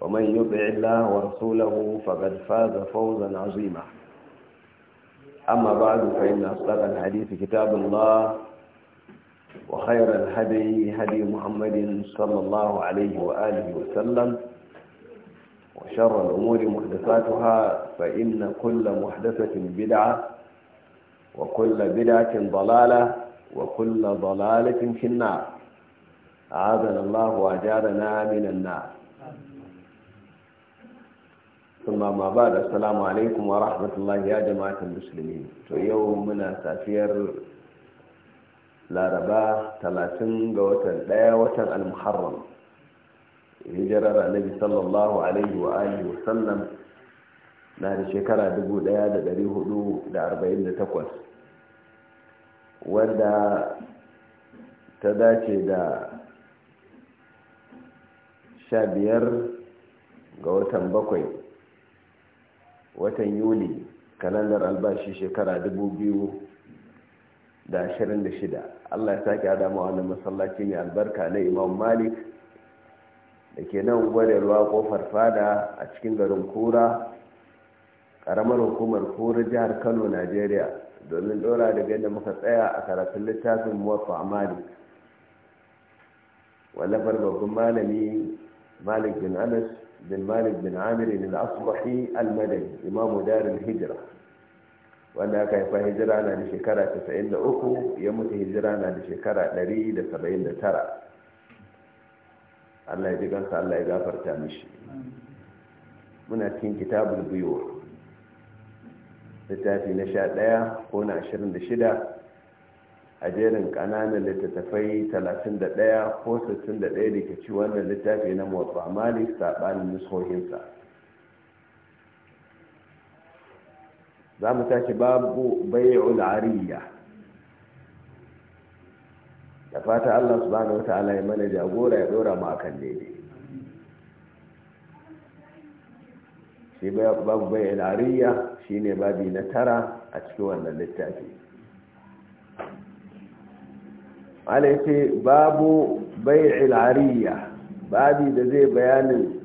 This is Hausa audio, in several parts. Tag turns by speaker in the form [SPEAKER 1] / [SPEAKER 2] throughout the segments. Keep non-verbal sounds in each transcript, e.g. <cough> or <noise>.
[SPEAKER 1] ومن يطع الله ورسوله فقد فاز فوزا عظيما أما بعد فإن أصدق الحديث كتاب الله وخير الهدي هدي محمد صلى الله عليه وآله وسلم وشر الأمور محدثاتها فإن كل محدثة بدعة وكل بدعة ضلالة وكل ضلالة في النار أعاذنا الله وأجارنا من النار ba da salamu alaikum wa rahmatullahi ya يا musulmi to yau muna safiyar laraba talatin ga watan daya watan al-muharram hijirar annabi sallallahu alaihi wa alihi wasallam na da shekara 1448 wanda ta dace da 15 ga watan bakwai watan yuli kalandar albashi shekara dubu biyu da da shida allah ya sake adama Wani masallaci mai albarka na imam malik da ke nan ruwa kofar fada a cikin garin kura karamar hukumar kura jihar kano nigeria domin dora da yadda muka tsaya a karatun littafin muwafa malik wallafar babban malami malik bin anas بن مالك بن عامر الأصبحي المدني إمام دار الهجرة wanda aka haifa hijira na da shekara 93 ya mutu hijira na da shekara 179 Allah ya ji Allah ya gafarta mishi muna cikin kitabul biyo littafi na ɗaya, ko na shida? a jerin ƙananan littattafai 31 ko 61 da ke ci wannan littafi na motsa malik saɓanin nusohinsa za mu tashi babu bai'ul ariya da fata allah subhanahu wata ala ya mana jagora ya dora mu akan daidai shi babu bai'ul ariya ne babi na tara a cikin wannan littafi ala ce babu bai'il ariya babi da zai bayanin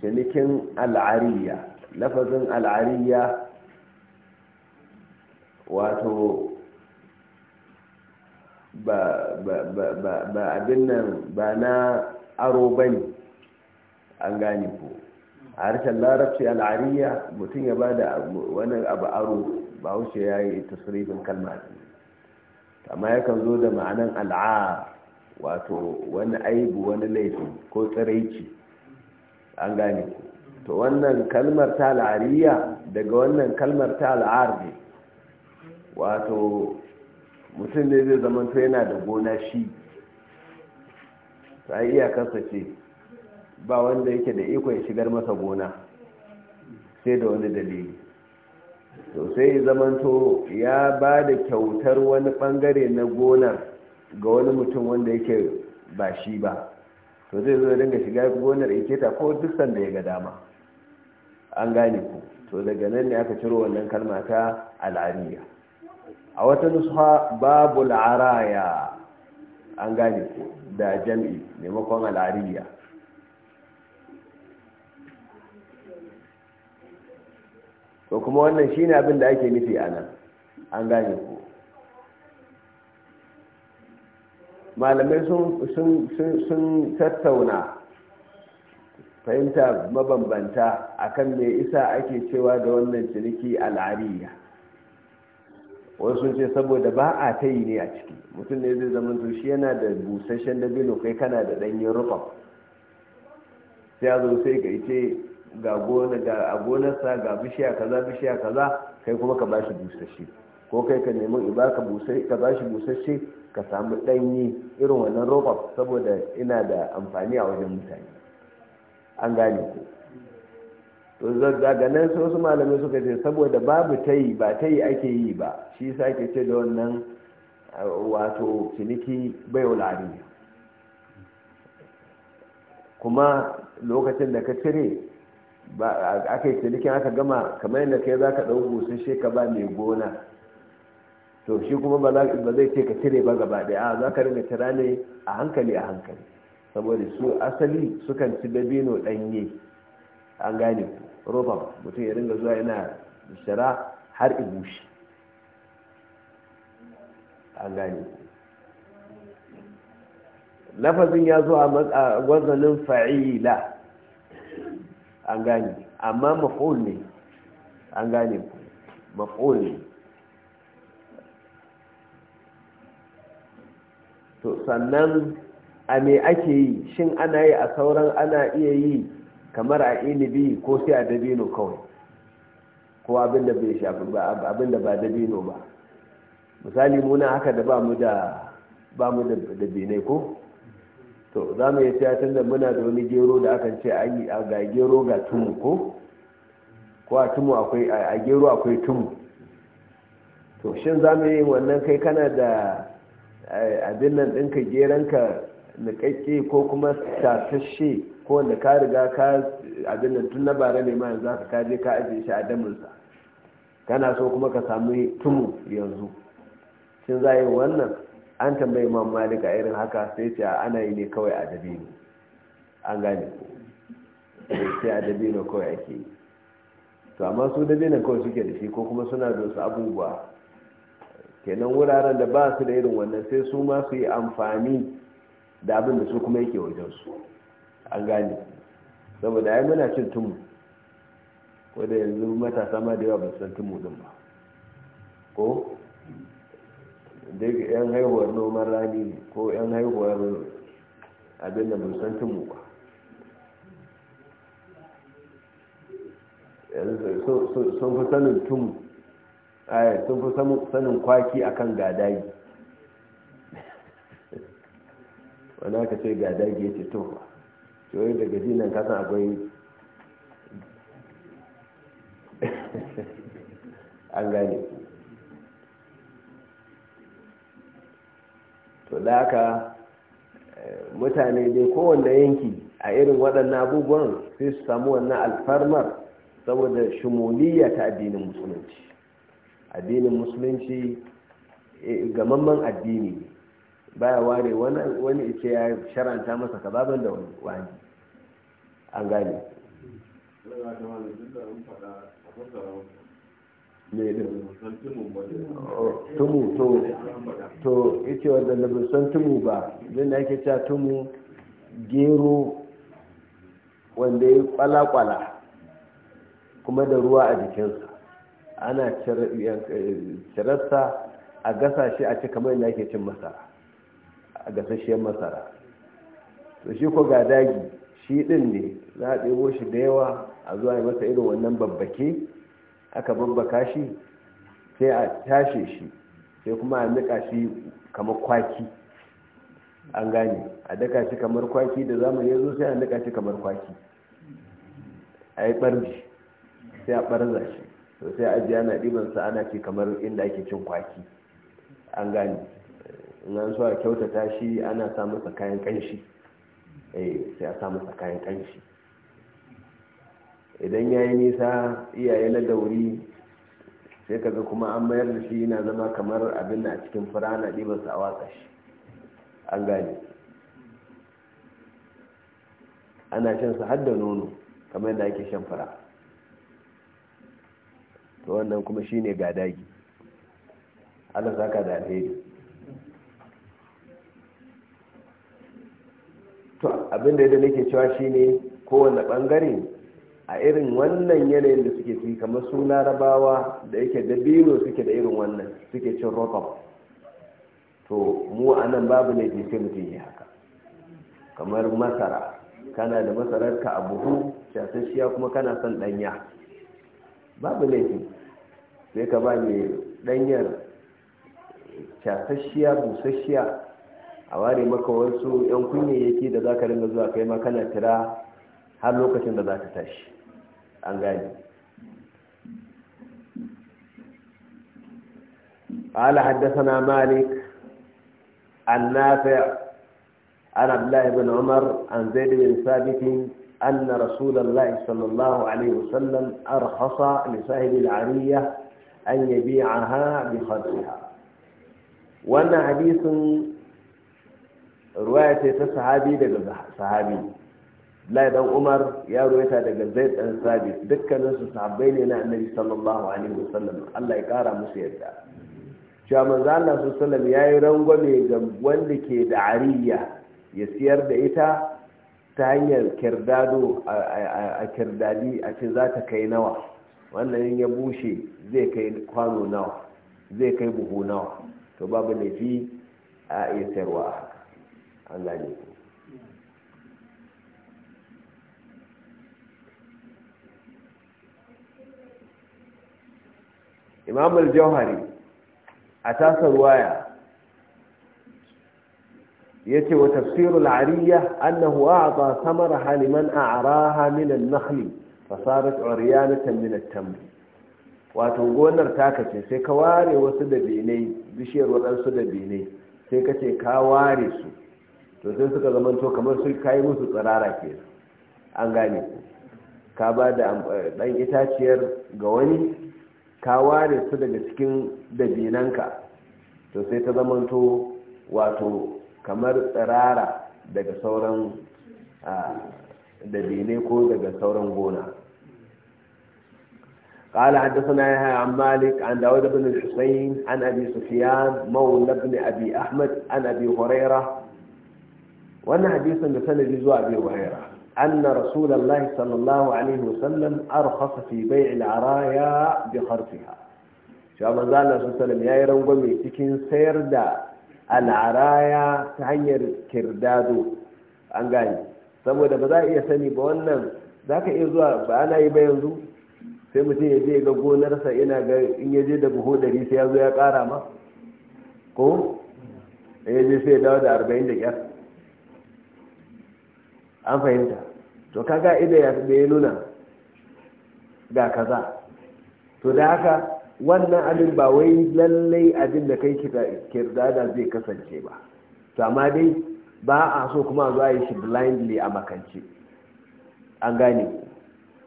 [SPEAKER 1] cinikin al'ariya lafazin al'ariya wato ba abin nan ba na aro ba ne an ko a harshen larabci al'ariya mutum ya ba da wani abu aro ba wuce ya yi tasirifin kalmar amma yakan zo da ma'anan al'a wato wani aibu wani laifi ko tsiraici an gane to wannan kalmar ta al'ariya daga wannan kalmar ta al'ar wato mutum ne zai zama zamanto yana da gona shi ta iyakarsa ce ba wanda yake da ikon shigar masa gona sai da wani dalili to sai zamanto ya ba da kyautar wani bangare na gonar ga wani mutum wanda yake ba shi ba to zai zo dinga shiga gonar ta ko duk sanda ya ga dama an gane ku to daga nan ne aka ciro wannan kalma ta al'ariya a wata nusha babu al'araya an gane ku da jam'i maimakon al'ariya to kuma wannan shine abin da ake nufi anan an gane ku malamai sun tattauna fahimta mabambanta akan me isa ake cewa da wannan ciniki al'ariya wasu ce saboda ba a ta yi ne a ciki mutum ne zai zama to shi yana da busasshen dabino kai kana da ɗanyen rufa sai ya zo sai ka ce ga a gonarsa ga bishiya kaza bishiya kaza kai kuma ka bashi busasshe ko kai ka nemi iba ka ka bashi busasshe ka samu danyi irin wannan robob saboda ina da amfani a wajen mutane an gane ku to daga nan sai wasu malamai suka ce saboda babu tayi ba tayi ake yi ba shi yasa ke ce da wannan uh, wato ciniki bai wulari kuma lokacin da ka cire aka yi aka gama kamar yadda kai za ka ɗau busasshe ka ba mai gona to shi kuma ba zai ce ka cire ba gaba ɗaya a za ka rinka cira ne a hankali a hankali saboda su asali sukan ci dabino ɗanye an gane roba mutum ya ringa zuwa yana shara har ibushi an gane lafazin ya zo a wazanin fa'ila an gane amma maf'ul ne an gane ne to sannan a me ake yi shin ana yi a sauran ana iya yi kamar a inibi ko sai a dabino kawai ko abinda bai shafi ba abinda ba dabino ba misali muna haka da ba mu da ba mu da dabinai ko to za mu yi siya tun da muna da wani gero da aka ce ga gero ga tumu ko ko a tumu akwai a gero akwai tumu to shin za mu yi wannan kai kana da abin nan ɗinka geranka niƙaƙƙe ko kuma tasashe ko wanda ka riga ka abin nan tun na bara ne ma yanzu ka je ka ajiye shi a daminsa kana so kuma ka samu tumu yanzu shin za yi wannan an tambayi imam malik a irin haka sai ce ana yi ne kawai a dabino an gane eh, sai a dabino kawai ake yi to amma su dabino kawai suke da shi ko kuma suna da wasu abubuwa kenan wuraren da ba su da irin wannan sai su ma su yi amfani da abin da su kuma yake wajensu an gane saboda ai muna cin tumu ko da yanzu matasa ma da yawa ba san tumu din ba ko duk yan haihuwar noman rani ko yan haihuwar abin da musan tumu ba sun fi sanin tumu eh, sun fi sanin kwaki akan gadagi <laughs> wani aka ce gadagi ya ce tofa cewa daga jinan kasan akwai <laughs> an gane to da haka eh, mutane dai kowanne yanki a irin waɗannan abubuwan sai su samu wannan alfarmar saboda shimuliya ta addinin musulunci addinin musulunci eh, gamamman addini baya ware wani ya sharanta masa kazaban da wani an gane ne tumu to to ita wadda na san tumu ba zai oh, ake cewa tumu gero wanda ya kwala-kwala kuma da ruwa a jikinsa ana cirarsa a gasa shi a ci kamar yadda cin masara a gasasshiyar masara to shi ko ga dagi shi din ne za a ɗebo shi da yawa a zuwa yi masa irin wannan babbake aka babbaka shi sai a tashe shi sai kuma a nika shi kamar kwaki an gane a daka shi kamar kwaki da zamani ya zo sai a nika shi kamar kwaki a yi ɓarji sai a ɓarza shi to sai a jiya na ɗibansa ana ce kamar inda ake cin kwaki an gane in an a kyautata shi ana sa masa kayan ƙanshi eh, sai a sa masa kayan ƙanshi idan ya yi nisa iyaye na dauri sai kaga kuma an mayar da shi yana zama kamar abin a cikin fura na ɗibarsa a watsa shi an gane ana shan su har da nono kamar yadda ake shan fura to wannan kuma shi ne ga dagi Allah saka da alheri to abinda yadda nake cewa ne kowane ɓangare. a irin wannan yanayin da suke ciki kamar su larabawa da yake dabino suke da irin wannan suke cin rotab to mu a nan babu ne ke mutum yi haka kamar masara kana da masarar ka a buhu shasashiya kuma kana son danya babu laifi sai ka ba mai danyar shasashiya busasshiya a ware maka wasu 'yan kunyayyaki da za ka ringa zuwa kai ma kana tira har lokacin da za ta tashi an قال حدثنا مالك عن نافع
[SPEAKER 2] عن عبد الله بن عمر عن زيد بن
[SPEAKER 1] ثابت أن رسول الله صلى الله عليه وسلم أرخص لصاحب العرية أن يبيعها بخدرها وأن حديث رواية صحابي لدى صحابي Abdullahi dan Umar ya ruwaita daga Zaid dan Sabit dukkanin su sahabbai ne na Annabi sallallahu alaihi wasallam Allah ya kara musu yadda cewa manzo Allah sallallahu alaihi wasallam yayi rangwame ga wanda ke da ariya ya siyar da ita ta hanyar kirdado a kirdadi a ce za ta kai nawa wannan ya bushe zai kai kwano nawa zai kai buhu nawa to babu laifi a iya sayarwa an ku imam al-jauhari a tasar waya yace wa tafsirul ariyah annahu a'ta samaraha liman a'raha min an-nakhl fasarat uryanatan min at-tamr wato gonar ta ce sai ka ware wasu da bene bishiyar wadansu da bene sai ka ce ka ware su to sai suka zamanto kamar sun kai musu tsarara ke an gane ka ba da dan eh, itaciyar ga wani ka ware su daga cikin dabinanka to sai ta zamanto wato kamar tsirara daga sauran dabine ko daga sauran gona قال حدثنا يحيى عن مالك عن داود بن الحسين عن أبي سفيان مولى بن أبي أحمد عن أبي هريرة وأن حديثا بسند زوى أبي هريرة أن رسول الله صلى الله عليه وسلم أرخص في بيع العرايا بخرفها شاء الله صلى الله عليه وسلم يا يرون تكين سير دا العرايا تهير كردادو أنقاني سمو دا بدا يسني بوانا ذاك إيزوا فأنا يبينزو sai mutum ya je ga gonarsa ina ga in ya je da buhu ɗari sai ya zo ya ƙara ma ko ya je sai ya dawo da arba'in da ƙyar an fahimta to kaga ido ya da ya nuna ga kaza to da haka wannan abin ba wai lallai abin da kai kirdada zai kasance ba to amma dai ba a so kuma a zuwa yi shi blindly a makance an gane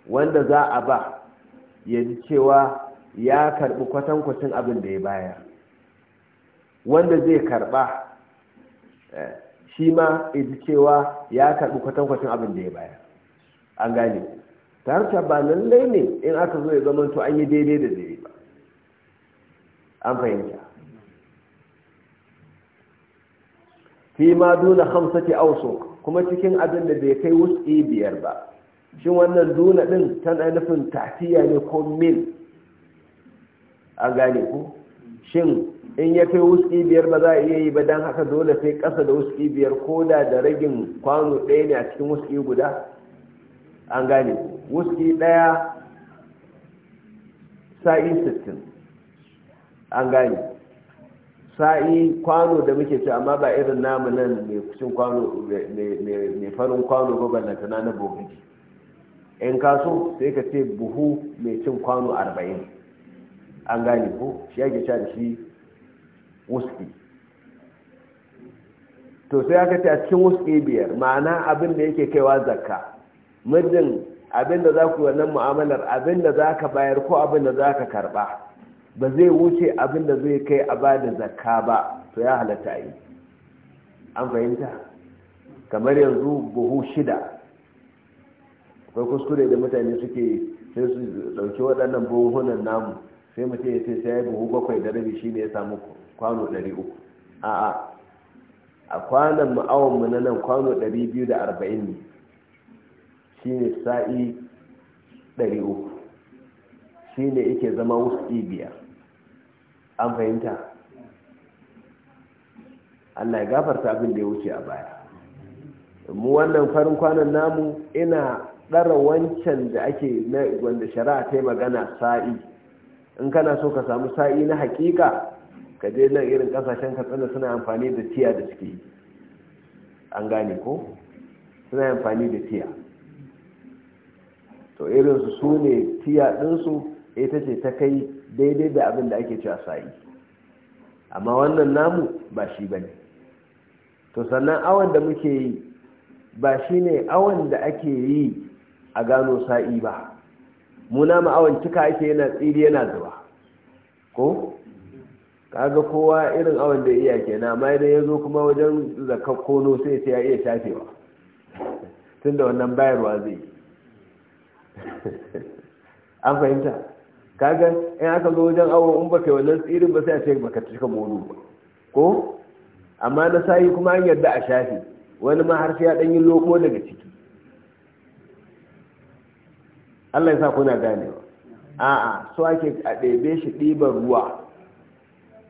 [SPEAKER 1] wanda za a ba ya ji cewa ya karbi kwatankwacin abin da ya bayar wanda zai karba eh, shi ma ya ji cewa ya karbi kwatankwacin abin da ya bayar an gane tarta ba lallai ne in aka zo ya zama to an yi daidai da daidai ba an fahimta fi ma duna ke auso kuma cikin abin da bai kai wuski biyar ba shi wannan duna din tana nufin tafiya ne ko mil a gane ku shin in ya kai wuski biyar ba za a iya yi ba don haka dole sai kasa da wuski biyar ko da da ragin kwano ɗaya ne a cikin wuski guda an gane wuski ɗaya sa'i 60 an gane sa'i kwano da muke ci amma ba irin namu nan mai kwano farin kwano ba ballantana na bobi in kaso sai ka ce buhu mai cin kwano 40 an gane ko shi yake sha da shi wuski to sai aka ce a cikin wuski biyar ma'ana abin da yake kaiwa zakka Mijin, abin da za ku wannan mu'amalar abin da za ka bayar ko abin da za ka karba ba zai wuce abin da zai kai a ba da zakka ba to ya halatta yi an fahimta kamar yanzu buhu shida akwai kuskure da mutane suke sai su dauki waɗannan buhunan namu sai mutum ya ce sai buhu bakwai da rabi ne ya samu kwano ɗari uku a'a a kwanan ma'awon mu na nan kwano ɗari biyu da arba'in ne shine sa'i 300 shine yake zama wuski biyar an fahimta Allah ya gafarta abin da ya wuce a baya mu wannan farin kwanan namu ina ɗara wancan da ake wanda shari'a ta yi magana sa'i in kana so ka samu sa'i na hakika ka je nan irin kasashen katsina suna amfani da tiya da suke an gane ko suna amfani da tiya to irinsu su ne tiya ɗinsu ita ce ta kai daidai da abin da ake cewa sa'i amma wannan namu ba shi ba to sannan awon da muke yi ba shi ne awon da ake yi a gano sa'i ba muna ma'awon kika ake yana tsiri yana zuba ko kaga kowa irin awon da iya kenan amma idan ya zo kuma wajen zakakkono sai sai ya iya shafewa tun da wannan bayarwa zai yi <laughs> an fahimta kaga in aka zo wajen awon in baka wannan tsirin ba sai a ce baka cika molu ba ko amma na sayi kuma an yarda a shafi wani ma har sai ya dan yi loko daga ciki Allah ya sa kuna ganewa a'a so ake a ɗebe shi ɗiban ruwa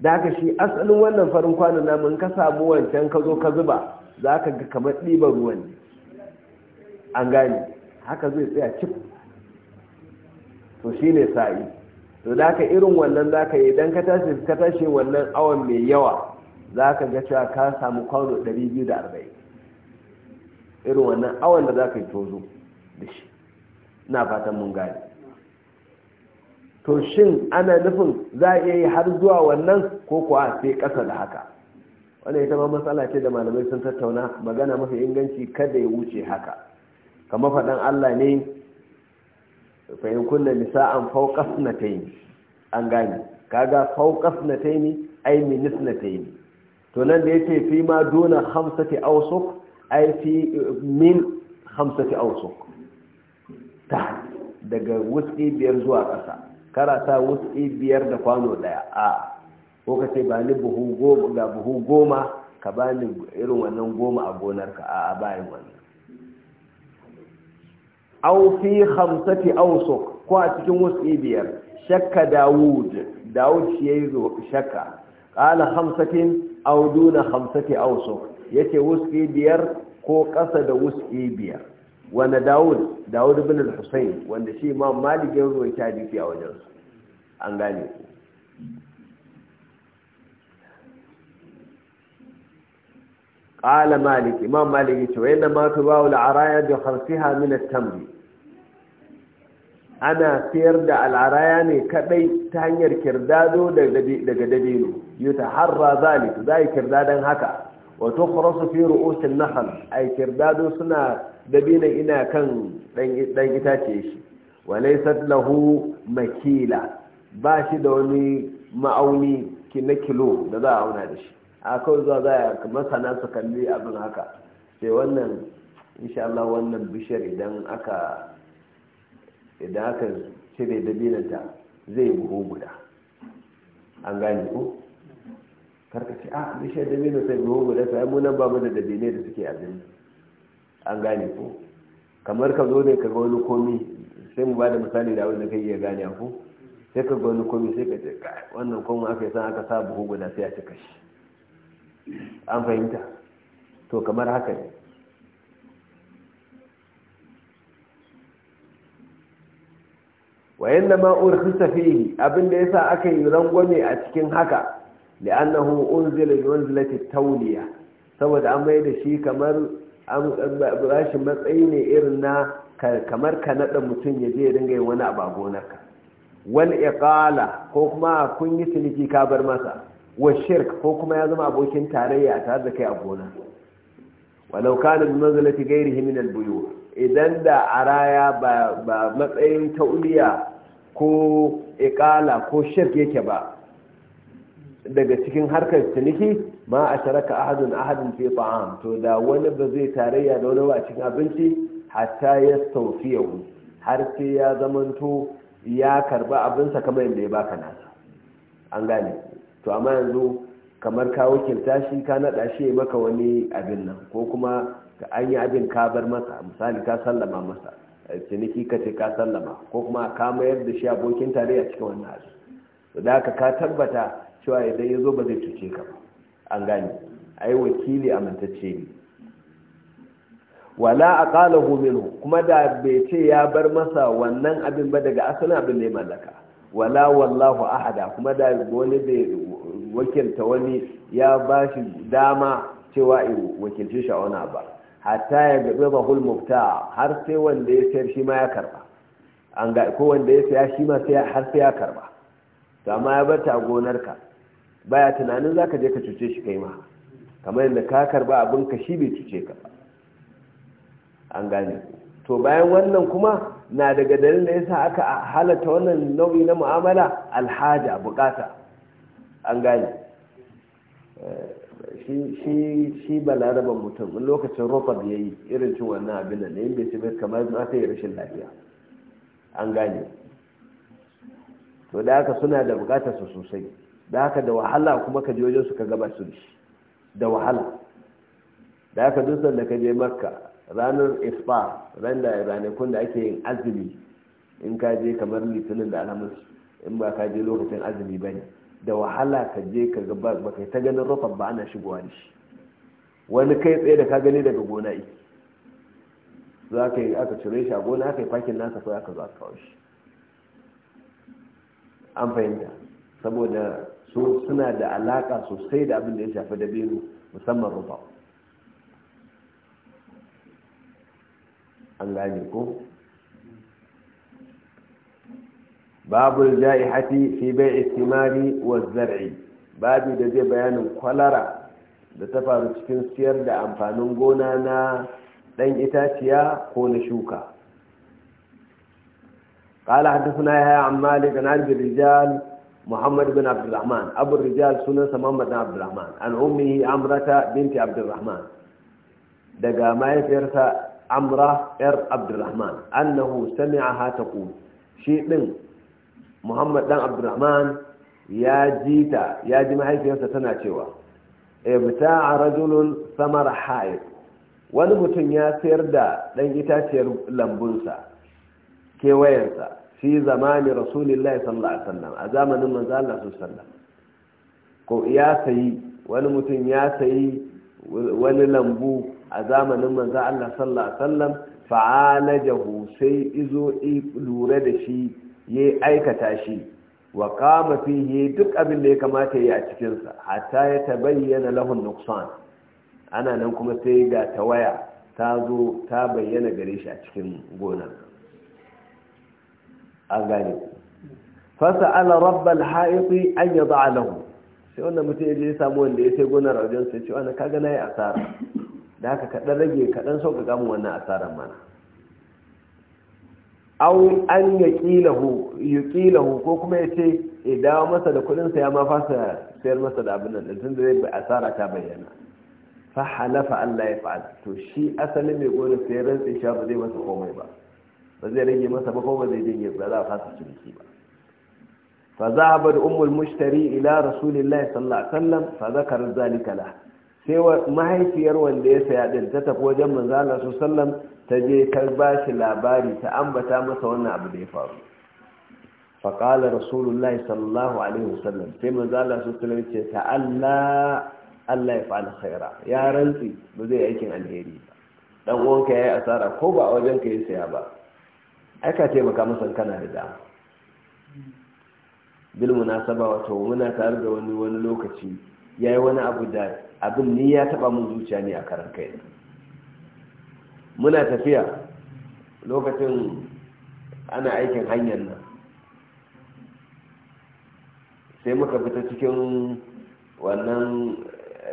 [SPEAKER 1] da haka shi asalin wannan farin kwanon mun ka samu wancan ka zo ka zuba za ka ga kamar ɗiban ruwan an gane haka zai tsaya cik. to ne sa'i to da ka irin wannan za ka yi don ka tashi wannan awon mai yawa za ka ga cewa ka samu kwano 240 irin wannan awon da za ka yi tozo da shi na fatan mun gane to shin ana nufin za a iya yi har zuwa wannan ko kuwa sai ƙasa da haka wanda ita ma matsala ce da malamai sun tattauna magana mafi inganci kada ya wuce haka kamar faɗan Allah ne fa'in kunna nisa'an fawqas natayn an gane kaga fawqas ay min nisnatayn to nan da ce fi ma dona khamsati awsuq ay fi min khamsati awsuq ta daga wuski biyar zuwa ƙasa karata wuski biyar da kwano daya a ko ka ce ba ni buhu goma ga buhu goma ka bani irin wannan goma a gonarka a bayan wannan aw fi khamsati awsuq ko a cikin wasi biyar shakka dawud dawud shi yayi shakka qala khamsatin aw duna khamsati awsuq yace wasi biyar ko kasa da wasi biyar wanda dawud dawud ibn al-husayn wanda shi imam malik ya rawaita fi a wajen an gane ku qala malik imam malik ce wayna ma tubawu al'araya bi ana sayar da al'araya ne kadai ta hanyar kirdado daga dabino yutaharra zalik zai kirdadan haka wa tukhrasu fi ru'us an-nahl kirdado suna dabino ina kan dan itace shi wale lahu makila ba shi da wani ma'auni na kilo da za a auna da shi a kawai zuwa za a masana su kalli abin haka sai wannan insha Allah wannan bishiyar idan aka idan aka cire dabinanta zai buhu guda an gane ko ce a ah, bishiyar dabinanta zai buhu guda sai munan ba mu da dabine da suke abin an gane ko kamar ka zo ne ka ga wani komi sai mu ba da misali da wanda kai iya gane ko sai ka ga wani komi sai ka ce wannan komi aka yi san aka sa buhu guda sai a cika shi an fahimta to kamar haka ne wayan da ma'ur fihi abinda ya sa aka yi rangwame a cikin haka li'annahu unzila bi manzilati tauliya saboda an mai da shi kamar an bashi matsayi ne irin na kamar ka naɗa mutum ya je dinga yin wani abu a gonarka wal iqala ko kuma kun yi ciniki ka bar masa wa shirk ko kuma ya zama abokin tarayya a tare da kai a gona walau kana bi manzalati gairihi min albuyu idan da araya ba matsayin tauliya ko iqala ko shirk yake ba daga cikin harkar ciniki ma a sharaka ahadun ahadun fi ta'am to da wani ba zai tarayya da wani ba cikin abinci hatta ya tawfiyahu har sai ya zamanto ya karba abinsa kamar yadda ya baka nasa an gane to amma yanzu kamar ka wakilta shi ka naɗa shi ya maka wani abin nan ko kuma ka an yi abin ka bar masa misali ka sallama masa ciniki ka ce ka sallama ko kuma ka mayar da shi abokin tare a cikin wannan abin to da haka ka tabbata cewa idan ya zo ba zai cuce ka ba an gane ai wakili amintacce ne wala a ƙalahu minhu kuma da bai ce ya bar masa wannan abin ba daga asalin abin da ya mallaka wala wallahu ahada kuma da wani bai wakilta wani ya ba shi dama cewa in wakilce shi a wani ba hatta ya gaɓe ba hulmufta har sai wanda ya sayar shi ma ya karba an ga ko wanda ya saya shi ma har sai ya karba to amma ya ta a gonarka baya tunanin zaka je ka cuce shi kai ma kamar yadda ka karba abin ka shi bai cuce ka ba an gane to bayan wannan kuma na daga dalilin da ya sa aka halatta wannan nau'i na mu'amala alhaja bukata an gane eh, shi balaraban mutum in lokacin rufar ya yi irin cin wannan abin da yin bai bai kamar ma sai rashin lafiya an gane to da haka suna da bukatar su sosai da haka da wahala kuma ka je wajen su ka gaba su da wahala da haka duk da ka je maka ranar isfa ran da ranakun da ake yin azumi in ka je kamar litinin da alhamis in ba ka je lokacin azumi ba ne da wahala ka je ka ga ba kai ta ganin rufa ba ana shigowa da shi wani kai tsaye da ka gani daga gona iki za ka yi aka cire shi a gona aka yi fakin nasa sai aka zo aka kawo shi an fahimta saboda su suna da alaka sosai da abin da ya shafi da biyu musamman rufa an gane ko babu ja'ihati fi bai'i thimari wa zar'i babu da zai bayanin kwalara da ta faru cikin siyar da amfanin gona na dan itaciya ko na shuka قال حدثنا يا عن مالك عن عبد الرجال محمد بن عبد الرحمن أبو الرجال سنة محمد بن عبد الرحمن عن أمه عمرة بنت عبد الرحمن دقا ما يفرس عمرة إر عبد الرحمن أنه سمعها تقول شيء من muhammad dan abdurrahman ya ji ta ya ji mahaifiyarsa tana cewa ibta a rajulun samar haif wani mutum ya sayar da ɗan itaciyar lambunsa kewayensa fi zamani rasulillah sallallahu alaihi wasallam a zamanin manzo Allah sallallahu ko ya sayi wani mutum ya sayi wani lambu a zamanin manzo Allah sallallahu alaihi wasallam fa'alajahu sai izo lura da shi ya aikata shi wa kama fiye duk abin da ya kamata ya yi a cikinsa hata ya tabayyana lahun nuksan ana nan kuma sai ga tawaya ta zo ta bayyana gare shi a cikin gona a gane fasa ala rabbal haifi an yă za'a lahu sai wanda mutum ya je ya samu wanda ya sai gonar a wajen sai ce wani kaga na yi asara da haka kaɗan rage kaɗan ka gama wannan asarar mana au an yaqilahu ko kuma ya ce ya dawo masa da kudin sa ya ma fasa sayar masa da abin nan tun da zai asara ta bayyana fa halafa Allah ya fa'al to shi asalin mai gona sai rantsi sha ba zai masa komai ba ba zai rage masa ba ko ba zai dinge ba za a fasa ciniki ba fa zahaba da ummul mushtari ila rasulillahi sallallahu alaihi wasallam fa zakara zalika la sai mahaifiyar wanda ya saya din ta tafi wajen manzo Allah sallallahu alaihi wasallam ta je ta ba shi labari ta ambata masa wannan abu da ya faru faƙala rasulullahi sallallahu alaihi wasallam sai manzala su tunan ce ta Allah Allah ya fa'al khaira ya rantsi ba zai aikin alheri ba dan uwanka yayi asara ko ba a wajen ka yi saya ba ai ka taimaka masa kana da dama bil munasaba wato muna tare da wani wani lokaci yayi wani abu da abin ni ya taba mun zuciya ne a karan kai muna tafiya lokacin ana aikin hanyar nan sai muka fita cikin wannan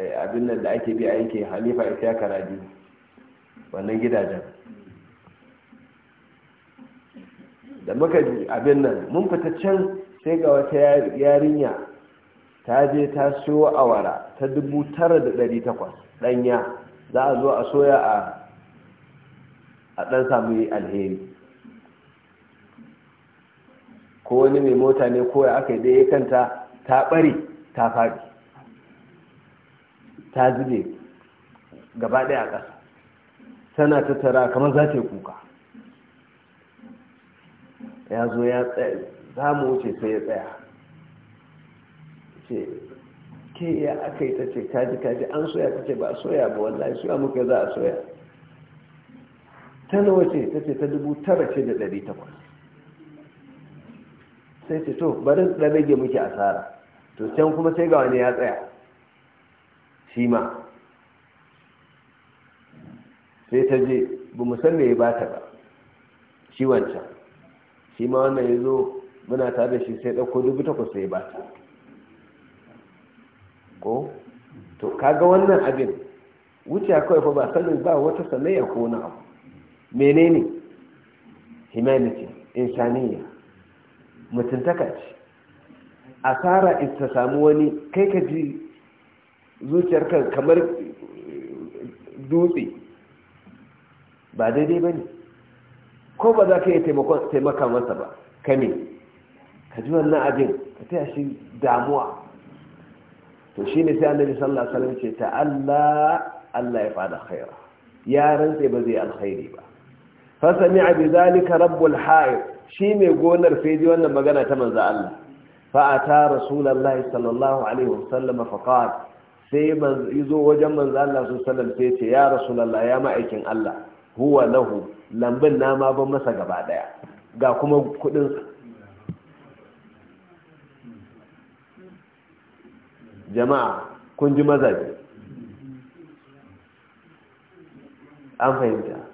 [SPEAKER 1] eh, abin nan da ake bi a yake, halifa ita karaji wannan gidajen da muka ji abin nan mun fita can sai ga wata yarinya ta je ta siyo awara ta dubu tara da ɗari takwas za a zo a soya a a ɗan samu alheri ko wani mai mota ne ko ya aka yi dai kanta ta ɓare ta faɗi ta zube gaba ɗaya a ƙasa tana tattara kamar za ta yi kuka ya zo ya tsaya za mu wuce sai ya tsaya ce ke ya aka yi ta ce kaji kaji an soya ta ce ba a soya ba wallahi soya muka za a soya ta nawa ce ta ce ta dubu tara ce da ɗari takwas sai ce to bari da rage muke asara to can kuma sai ga wani ya tsaya shi ma sai ta je ba mu ya ba ta ba shi wancan shi ma wannan ya zo muna tare da shi sai ɗauko dubu takwas sai ba ta ko to kaga wannan abin wuce kawai fa ba sanin ba wata sanayya ko wani abu menene humanity insaniya mutuntaka ce asara in ta samu wani kai ka ji zuciyarka kamar eh, dutse ba daidai ba ne ko ba za ka yi taimaka masa ba Ka ne. ka ji wannan abin ka taya shi damuwa to shi ne sai annabi sallah, alaihi ce ta Allah Allah ya fada khaira ya rantse ba zai alkhairi ba فسمع بذلك رب الحائط شي مي غونر فيجي wannan magana ta manza Allah fa ata rasulullahi sallallahu alaihi wasallam faqal sai yazo wajen manza Allah sallallahu alaihi sai ce ya Rasulallah ya ma'aikin Allah huwa lahu lambin na ma ban masa gaba daya ga kuma kudin jama'a kun ji mazaji an fahimta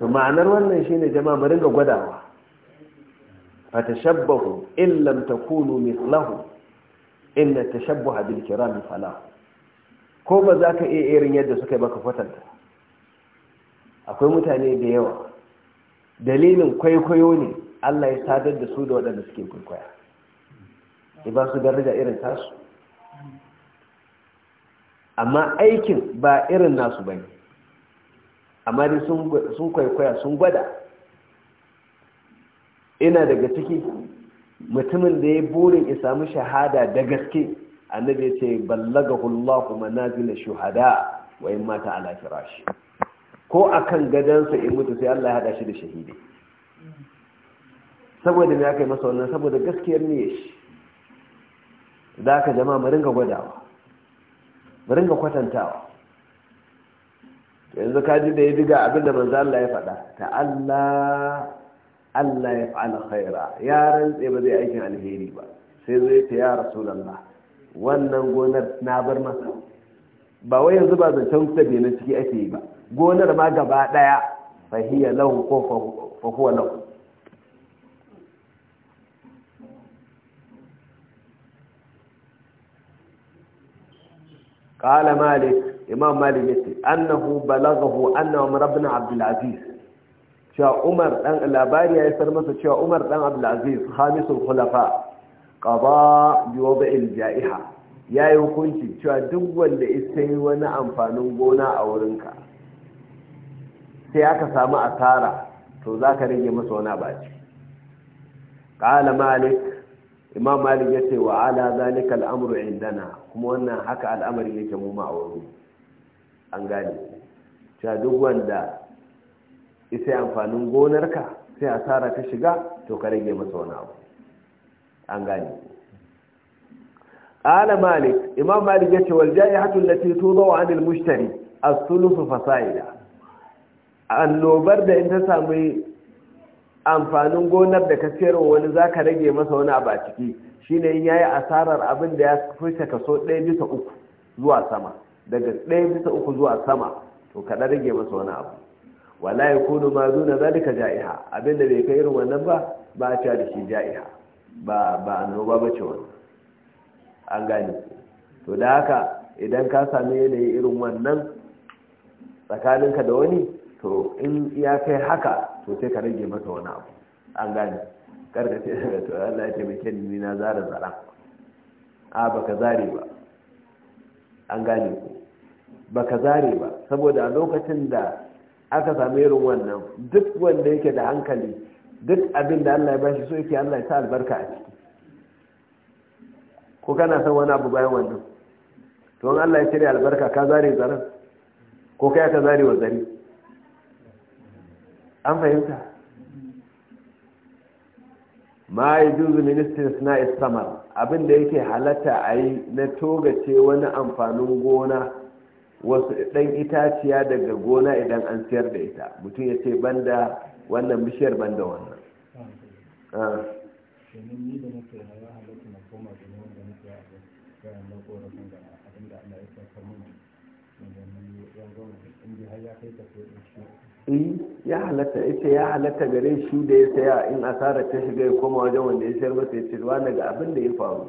[SPEAKER 1] to ma'anar wannan shine jama'a mu ringa gwadawa tashabbahu in lam takunu mithlahu inna tashabbaha bil kiram fala ko ba za ka iya irin yadda suka yi baka fatanta akwai mutane da yawa dalilin kwaikwayo ne Allah ya sadar da su da waɗanda suke kwaikwaya ya ba su daraja irin tasu amma aikin ba irin nasu bane amma dai sun kwaikwaya sun gwada ina daga ciki mutumin da ya burin ya samu shahada da gaske annabi ya ce ballagahullahu manazila shuhada wa yin mata ala firashi ko a akan gadansa in mutu sai Allah ya hada shi da shahidi saboda me aka yi masa wannan saboda gaskiyar ne shi za ka jama'a maringa gwadawa mu kwatantawa yanzu ka ji da ya diga abinda manzo Allah ya faɗa ta Allah Allah ya fa'ala khaira ya rantse ba zai aikin alheri ba sai zai ta ya rasulullah wannan gonar na bar masa ba wai yanzu ba zancen ta na ciki ake yi ba gonar ma gaba daya fahiya lahu ko fa huwa lahu قال malik imam malik ya annahu balagahu anna umar ibn abdul aziz cewa umar dan labari ya sar masa cewa umar dan abdul aziz khamisul khulafa qada bi wad'il ja'iha yayi hukunci cewa duk wanda isai wani amfanin gona a wurinka sai aka samu asara to zaka rage masa wani baci qala malik imam malik yace wa ala zalika al'amru indana kuma wannan haka al'amari yake mu ma a wurin an gane cewa duk wanda isa amfanin gonarka sai asara ka shiga to ka rage masa wani abu an gane Malik, Malik, Imam قال مالك امام مالك يقول والجائحه التي توضع عن المشتري الثلث فصائل annobar da in ta sami amfanin gonar da ka siyarwa wani za ka rage masa wani abu a ciki shine in yayi asarar abin da ya fita kaso ɗaya bisa uku zuwa sama daga ɗaya bisa uku zuwa sama to kaɗan rage masa wani abu wala ya kunu ma duna zalika ja'iha abinda bai kai irin wannan ba ba a cewa da shi ja'iha ba ba annoba ba ce wannan an gane to da haka idan ka sami yanayi irin wannan tsakaninka da wani to in ya kai haka to sai ka rage masa wani abu an gane ce daga to Allah ya taimake ni na zara zara a baka zare ba an gane ku ba ka zare ba saboda a lokacin da aka sami irin wannan duk wanda yake da hankali duk abin da allah ya bashi so yake allah ya sa albarka a ciki ko kana son wani abu bayan wannan to an allah ya cire albarka ka zare zaren ko kai ka zare wa zare an fahimta ma yi juzu ministers na isamar abinda yake halatta a yi na togace wani amfanin gona wasu ɗan itaciya daga gona idan an siyar da ita mutum ya ce banda wannan bishiyar banda wannan ya halatta ita ya halatta gare shi da ya saya in asarar ta shiga ya koma wajen wanda ya sayar ta ya ce wa daga abin da ya faru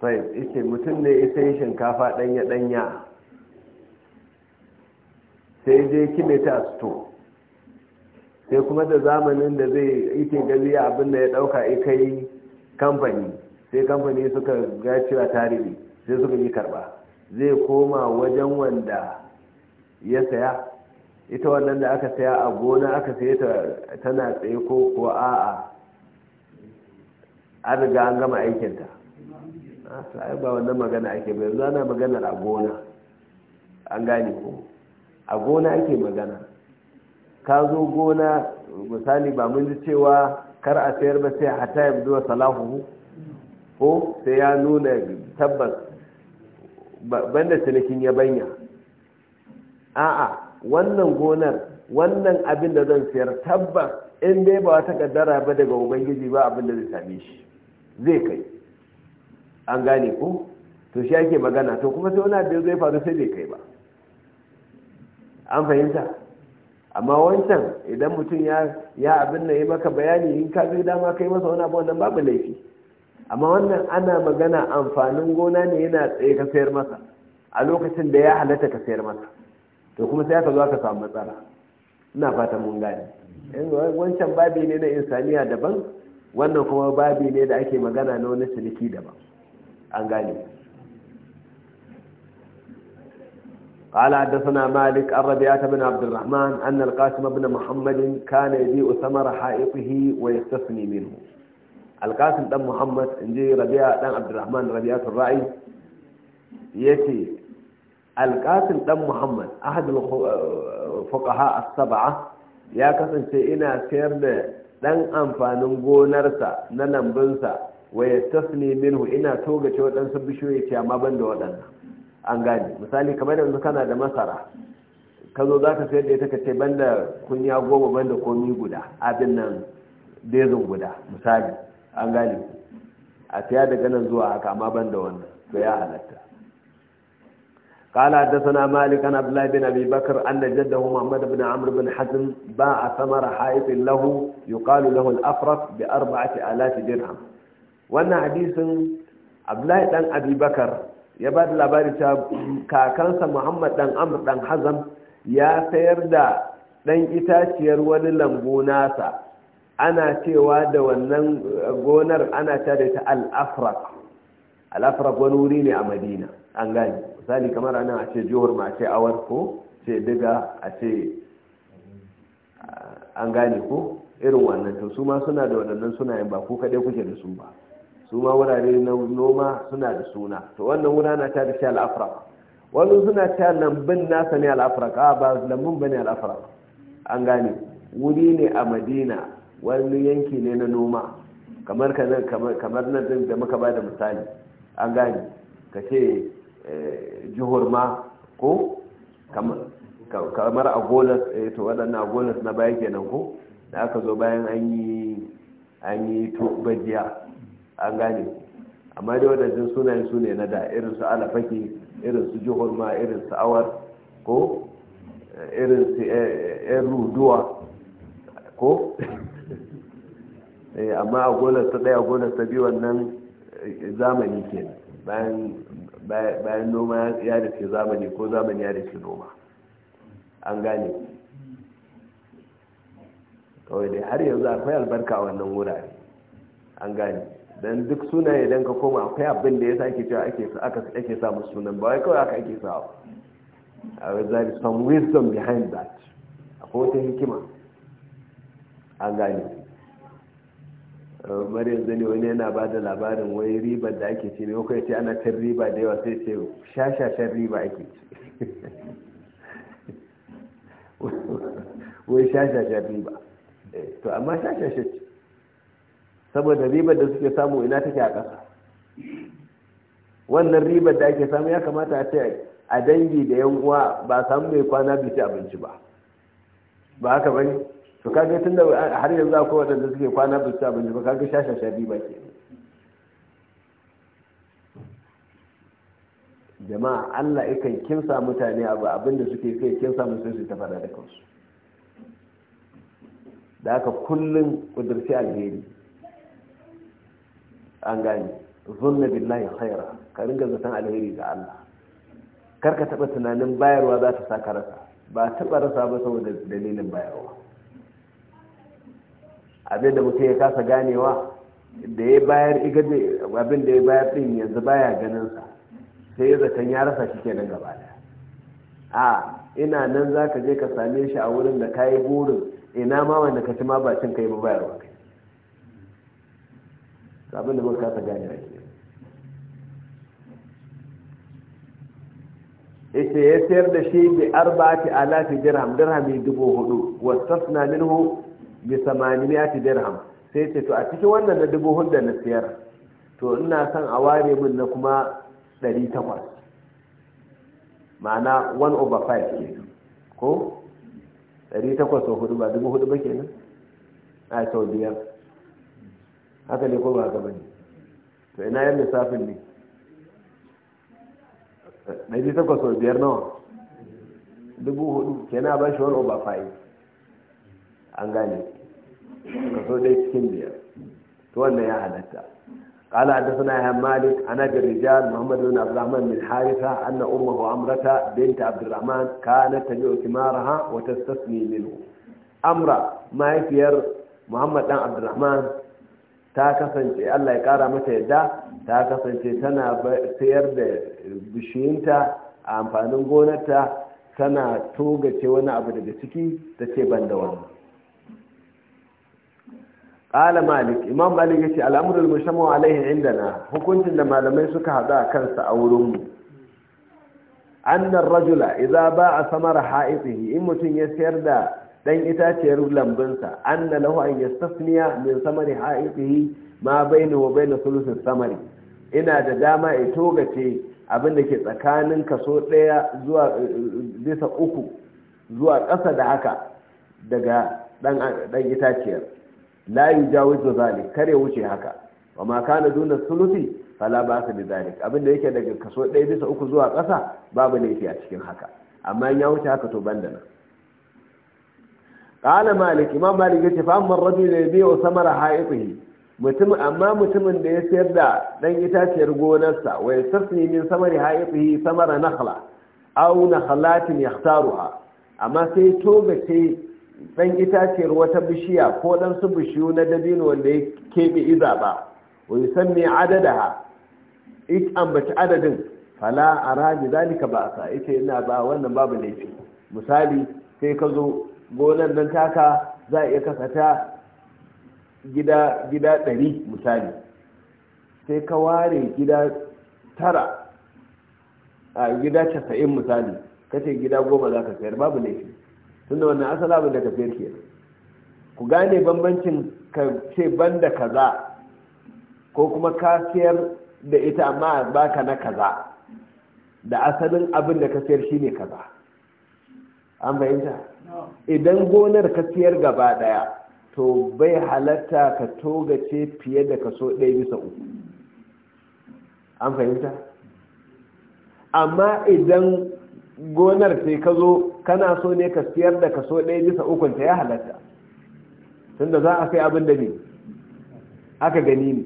[SPEAKER 1] sai ita mutum ne isa yi shinkafa ɗanya-ɗanya sai je kime ta sto sai kuma da zamanin da zai ita gazi abin da ya ɗauka ika yi kamfani sai kamfani suka gacewa tarihi sai suka yi karba zai koma wajen wanda ya saya ita wannan da aka saya a gona aka saya tana tsaye ko a'a an riga an gama aikinta a sai ba wannan magana ake ba yanzu ana maganar a gona an gani ko a gona ake magana ka zo gona misali ba mun ji cewa kar a sayar ba sai hata ya zuwa salahu ko sai ya nuna tabbas banda cinikin ya banya a'a wannan gonar wannan abin da zan sayar tabbas in dai ba wata kaddara ba daga ubangiji ba abin da zai same shi zai kai an gane ko to shi ake magana to kuma sai wani abin zai faru sai bai kai ba an fahimta amma wancan idan mutum ya abin nan ya maka bayani in ka zai dama kai masa wani abu wannan babu laifi amma wannan ana magana amfanin gona ne yana tsaye ka sayar masa a lokacin da ya halatta ka sayar masa to kuma sai aka zo aka samu matsala ina fatan mun gane wancan babi ne na insaniya daban wannan kuma babi ne da ake magana na wani ciniki daban an gane قال حدثنا مالك الربيعة بن عبد الرحمن أن القاسم بن محمد كان يبيع ثمر حائطه ويستثني منه القاسم بن محمد انجي ربيعة بن عبد الرحمن ربيعة الرأي يتي القاسم بن محمد أحد الفقهاء السبعة يا كسن شيئنا لن دان أنفان نرسى ننبنسى waya tasne minhu ina ce waɗansu bishiyoyi ce amma ban da waɗannan an gani misali kamar yanzu kana da masara ka zo za ka sayar da ita ka ce ban da kunya goma ban da komi guda abin nan dezin guda misali an gani a siya daga nan zuwa haka amma ban da wannan to ya halatta
[SPEAKER 2] قال حدثنا مالك بن عبد الله بن ابي بكر ان جده محمد بن عمرو بن حزم باع ثمر حائط له يقال له الافرس باربعه الاف
[SPEAKER 1] درهم wannan hadisin abdullahi dan abubakar ya ba da labari ta kakansa muhammad dan amr dan hazam ya sayar da dan itaciyar wani lambu nasa ana cewa da wannan eh, gonar ana ta da ta al-afraq al-afraq wani wuri ne a madina an gani misali kamar ana a ce jihar ma ce awar ko ce diga a ce eh, an gane ko irin wannan to su suna da waɗannan sunayen ba ko kaɗai kuke da su ba su ma wurare na noma suna da suna to wannan wura na ta da shi Al'afra. wani suna ta lambin nasa ne al'afraq a ba lambin ba ne al'afraq an gane wuri ne a madina wani yanki ne na noma kamar kamar nan da muka ba da misali an gane ka ce eh, jihur ma ko kamar a golas eh, to waɗannan a golas na baya kenan ko da aka zo bayan an yi an yi to bajiya an gane amma dai waɗancan sunaye su ne na da irin su alafaki irin su jihar ma irin su awar ko irin su yan eh, eh, eh, ruduwa ko <laughs> amma a gonar ta ɗaya gonar ta biyu wannan zamani ke bayan noma ya da ke zamani ko zamani ya da ke noma an gane kawai dai har yanzu akwai albarka wannan wurare an gane dan duk sunaye idan ka koma akwai abin da ya sa ake cewa ake sa musu sunan ba wai kawai aka ake sa there is some wisdom behind that akwai wata hikima an gane bari yanzu ne wani yana ba da labarin wai ribar da ake ce ne kawai ce ana cin riba da yawa sai ce shashashen riba ake ce <laughs> wai shashashen riba eh, to amma shashashen saboda ribar da suke samu ina take a ƙasa wannan ribar da ake samu ya kamata a ce a dangi da yan uwa ba samu mai kwana bi ci abinci ba ba haka bane to kaga da har yanzu akwai waɗanda suke kwana bi ci abinci ba kaga sha riba ke jama'a Allah kin sa mutane abu abinda suke kai sa musu su ta fara da kansu da haka kullum kudurci alheri an gane zunna billahi khaira ka ringa zaton alheri ga Allah kar ka taba tunanin bayarwa za ta saka rasa ba taba rasa ba saboda dalilin bayarwa abin da mutum ya kasa ganewa da ya bayar abin da ya bayar din yanzu baya ganin sa sai ya zaton ya rasa shi kenan gaba a ina nan za ka je ka same shi a wurin da ka yi burin ina ma wanda ka ci ma ba cin kai ba bayarwa to abinda muka kasa da ke ita ya sayar da shi bi arba'ati alafi dirham dirhami dubu hudu wasu suna minhu bi samaniyati dirham sai ce to a cikin wannan na dubu hudu na siyar to ina son a ware min na kuma takwas? ma'ana 1 over 5 ke ko takwas sau hudu ba dubu hudu ba kenan a sau biyar haka ne ko ba haka bane to ina yan lissafin ne ɗari takwas sau biyar nawa dubu hudu kenan ba shi wani over five an gane kaso dai cikin biyar to wannan ya halatta قال حدثنا يا مالك عن ابي الرجال محمد بن عبد الرحمن بن حارثه ان امه عمره بنت عبد الرحمن كانت تبيع ثمارها وتستثني منه امره ما يفير محمد بن عبد الرحمن ta kasance Allah ya kara mata yadda ta kasance tana sayar da bishiyinta a amfanin gonarta tana togace wani abu daga ciki ta ce ban da wani ƙala malik imam malik ya ce al'amuran mushamman alaihi na, hukuncin da malamai suka a kansa a wurinmu annan rajula idan ba a samar ha'itihi in mutum ya sayar da dan itaciyar lambunsa anna lahu an yastasniya min samari ha'ifihi ma bainu wa baina sulusin samari ina da dama ya togace abin da ke tsakanin kaso ɗaya zuwa bisa uku zuwa ƙasa da haka daga ɗan itaciyar Layi jawo da zalik kar ya wuce haka wa ma kana duna sulusi fala ba su da zalik abin da yake daga kaso ɗaya bisa uku zuwa ƙasa babu laifi a cikin haka amma ya wuce haka to banda nan qala malik imam malik yace fa amma ar-rajul yabi'u mutum amma mutumin da ya sayar da dan itaciyar gonarsa wai yastasni min samari ha'iqihi samara nakhla aw nakhlatin yahtaruha amma sai togace dan itaciyar wata bishiya ko dan su bishiyu na dabino wanda ya kebe izaba wa yusammi adadaha ik ambaci adadin fala ara bi zalika ba sa yace ina ba wannan babu laifi misali sai ka zo gonan nan taka za a iya kasata gida gida ɗari misali sai ka ware gida tara a gida casa'in misali kace gida goma za ka sayar babu laifi tun da wannan asala abin da ka sayar ke ku gane bambancin ka ce banda kaza ko kuma ka sayar da ita amma baka na kaza da asalin abin da ka sayar shine kaza an bayyanta idan gonar ka siyar gaba daya to bai halatta ka togace fiye da kaso ɗaya bisa uku an fahimta amma idan gonar sai ka zo kana so ne ka siyar da kaso ɗaya bisa ukun ta ya halatta tunda za a sai abin da ne aka gani ne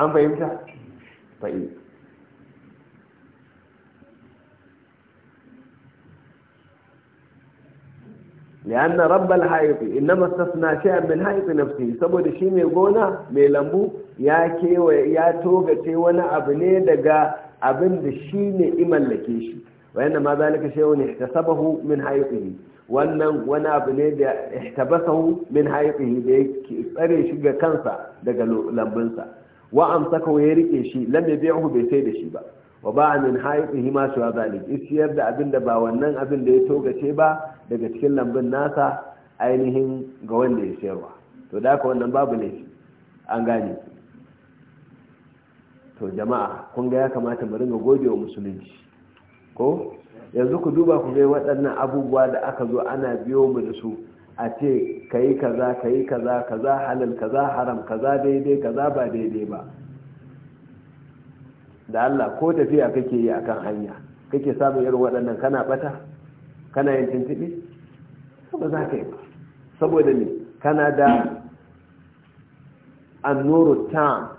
[SPEAKER 1] an fahimta fahimta لأن رب الحائط إنما استثنى شيئا من حائط نفسه saboda shi mai gona mai lambu ya kewaye ya togace wani abu ne daga abin da shi ne imallake shi wayan ma zalika shay'un ihtasabahu min hayatihi wannan wani abu ne da ihtabasahu min hayatihi da ya tsare shi ga kansa daga lambunsa wa amsaka ya rike shi lam yabi'hu bai sai da shi ba wa ba min haifihi ma su wa zalik isiyar da abin da ba wannan abin da ya togace ba daga cikin lambun nasa ainihin ga wanda ya sayarwa to da haka wannan babu ne an gane to jama'a kun ga ya kamata mu ringa gode wa musulunci ko yanzu ku duba ku ga waɗannan abubuwa da aka zo ana biyo mu da su a ce kayi kaza kayi kaza kaza halal kaza haram kaza daidai kaza ba daidai ba da Allah ko tafiya kake yi akan hanya kake samun irin waɗannan kana bata kana yin tuntuɓe ba za ka yi ba saboda ne kana da annuru ta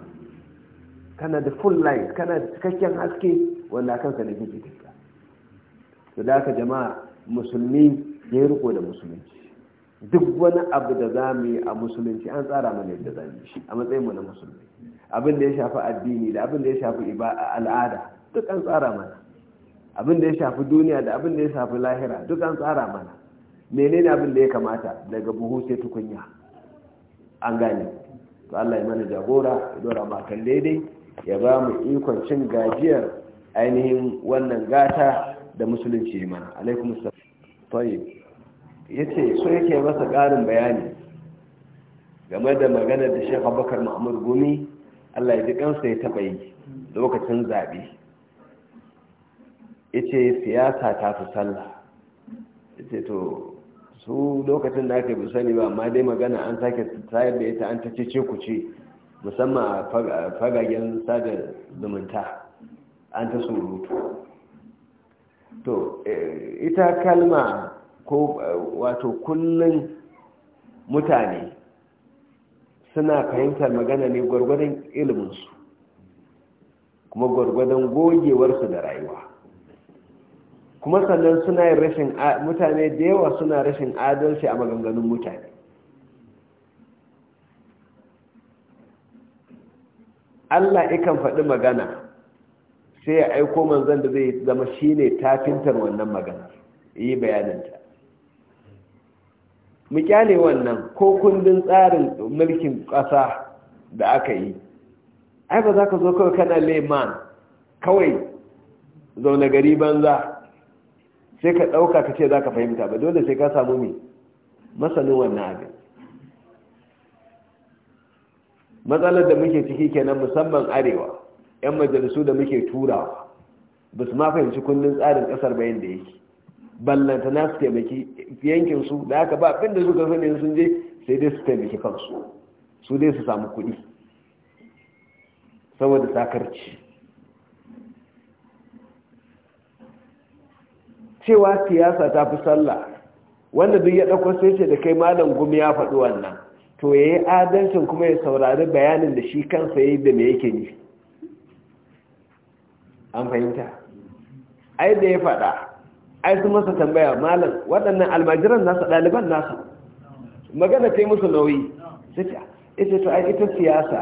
[SPEAKER 1] kana da full light kana da cikakken haske wanda kanka da kike tafiya to da haka jama'a musulmi ya yi riko da musulunci duk wani abu da za mu yi a musulunci an tsara mana yadda za mu yi shi a matsayin mu na musulmi abin da ya shafi addini da abin da ya shafi al'ada duk an tsara mana abin da ya shafi duniya da abin da ya shafi lahira duk an tsara mana menene abin da ya kamata daga buhu sai tukunya an gane to Allah ya mana jagora ya dora makan daidai ya ba mu ikon cin gajiyar ainihin wannan gata da musulunci mana alaikum ya yace so yake masa ƙarin bayani game da maganar da Sheikh Abubakar Mahmud Gumi Allah ya ji kansa ya taɓa yi lokacin zaɓe ya ce siyasa ta fi sallah ya to su lokacin da aka bi sani ba amma dai magana an sake tsayar da ita an ta ce ku ce musamman a fagagen sada zumunta an ta surutu to e, ita kalma ko e, wato kullum mutane suna fahimtar magana ne gwargwadon iliminsu kuma gwargwadon gogewarsu da rayuwa kuma sannan suna yin rashin mutane da yawa suna rashin adalci a maganganun mutane Allah ikan faɗi magana sai ya aiko manzan da zai zama shine tafintar wannan magana yi bayananta mu kyale wannan ko kundin tsarin mulkin ƙasa da aka yi ai ba za ka zo kawai kana leman kawai zaune gari banza sai ka ɗauka ka ce za ka fahimta ba dole sai ka samu mai masanin wannan abin matsalar da muke ciki kenan musamman arewa 'yan majalisu da muke turawa ba su ma fahimci kundin tsarin ƙasar bayan da yake ballanta na su taimaki yankinsu da aka ba abin da suka sani sun je sai dai su taimaki kansu su dai su samu kuɗi saboda sakarci cewa siyasa ta fi sallah wanda duk ya ɗauko sai ce da kai malam gumi ya faɗi wannan to ya yi adalcin kuma ya saurari bayanin da shi kansa ya yi da me yake ne an fahimta ai da ya faɗa ai sun masa tambaya malam waɗannan almajiran nasa ɗaliban nasa magana ta yi musu nauyi ita to ai ita siyasa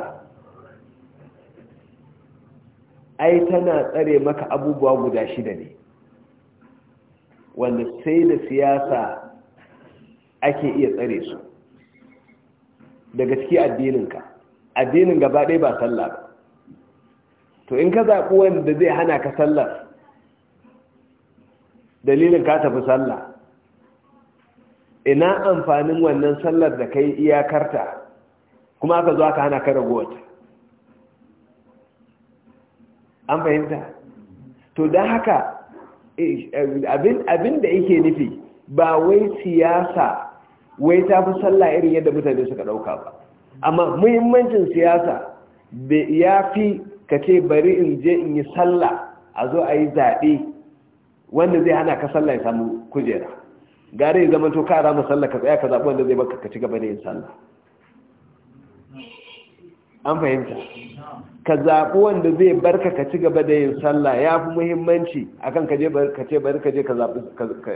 [SPEAKER 1] ai tana tsare maka abubuwa guda shida ne wanda sai da siyasa ake iya tsare su daga ciki addininka addinin gaba ɗaya ba sallah ba to in ka zaɓi wanda zai hana ka sallar dalilin ka tafi sallah ina amfanin wannan sallar da kai iyakarta kuma aka zo ka hana ka ragowata an fahimta to don haka abin da yake nufi ba wai siyasa wai ta fi sallah irin yadda mutane suka ɗauka ba amma muhimmancin siyasa ya fi ka ce bari in je in yi sallah a zo a yi zaɓe wanda zai hana ka sallah ya samu kujera gare ya zama to ka rama sallah ka tsaya ka zaɓi wanda zai baka ka ci gaba da yin sallah an fahimta ka zaɓi wanda zai barka ka ci gaba da yin sallah ya fi muhimmanci akan ka je ka ce bari ka je ka zaɓi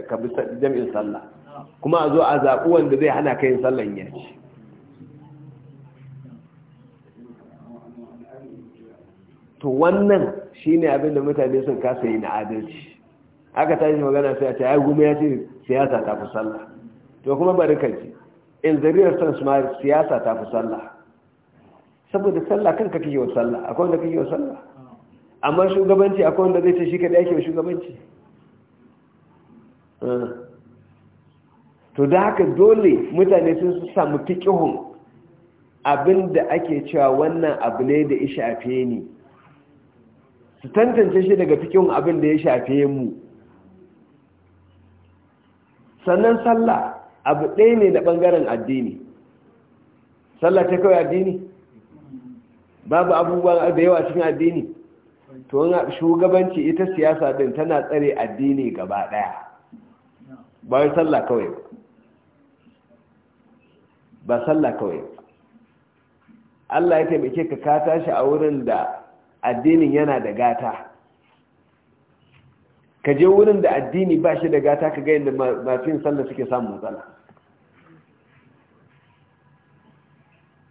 [SPEAKER 1] ka bi jami'in sallah kuma a zo a zaɓi wanda zai hana ka yin sallah ya ci to wannan shine abin da mutane sun kasa yi na adalci aka tashi magana sai a ce ai gumi ya ce siyasa ta fi sallah to kuma bari ka ji in zariyar san su ma siyasa ta fi sallah saboda sallah kan kake wa sallah akwai wanda kake wa sallah amma shugabanci akwai wanda zai ce shi kadai yake wa shugabanci ah. to da haka dole mutane sun samu fiƙihun abinda ake cewa wannan abu ne da ya shafe ni su tantance shi daga fikin abin da ya shafe mu sannan sallah abu ɗaya ne na ɓangaren addini sallah ta kawai addini babu abubuwan da yawa cikin addini to shugabanci ita siyasa din tana tsare addini gaba ɗaya Ba wai sallah kawai ba sallah kawai Allah ya taimake ka ka tashi a wurin da addinin yana da gata ka je wurin da addini ba shi da gata ka ga yadda masu yin sallah suke samun matsala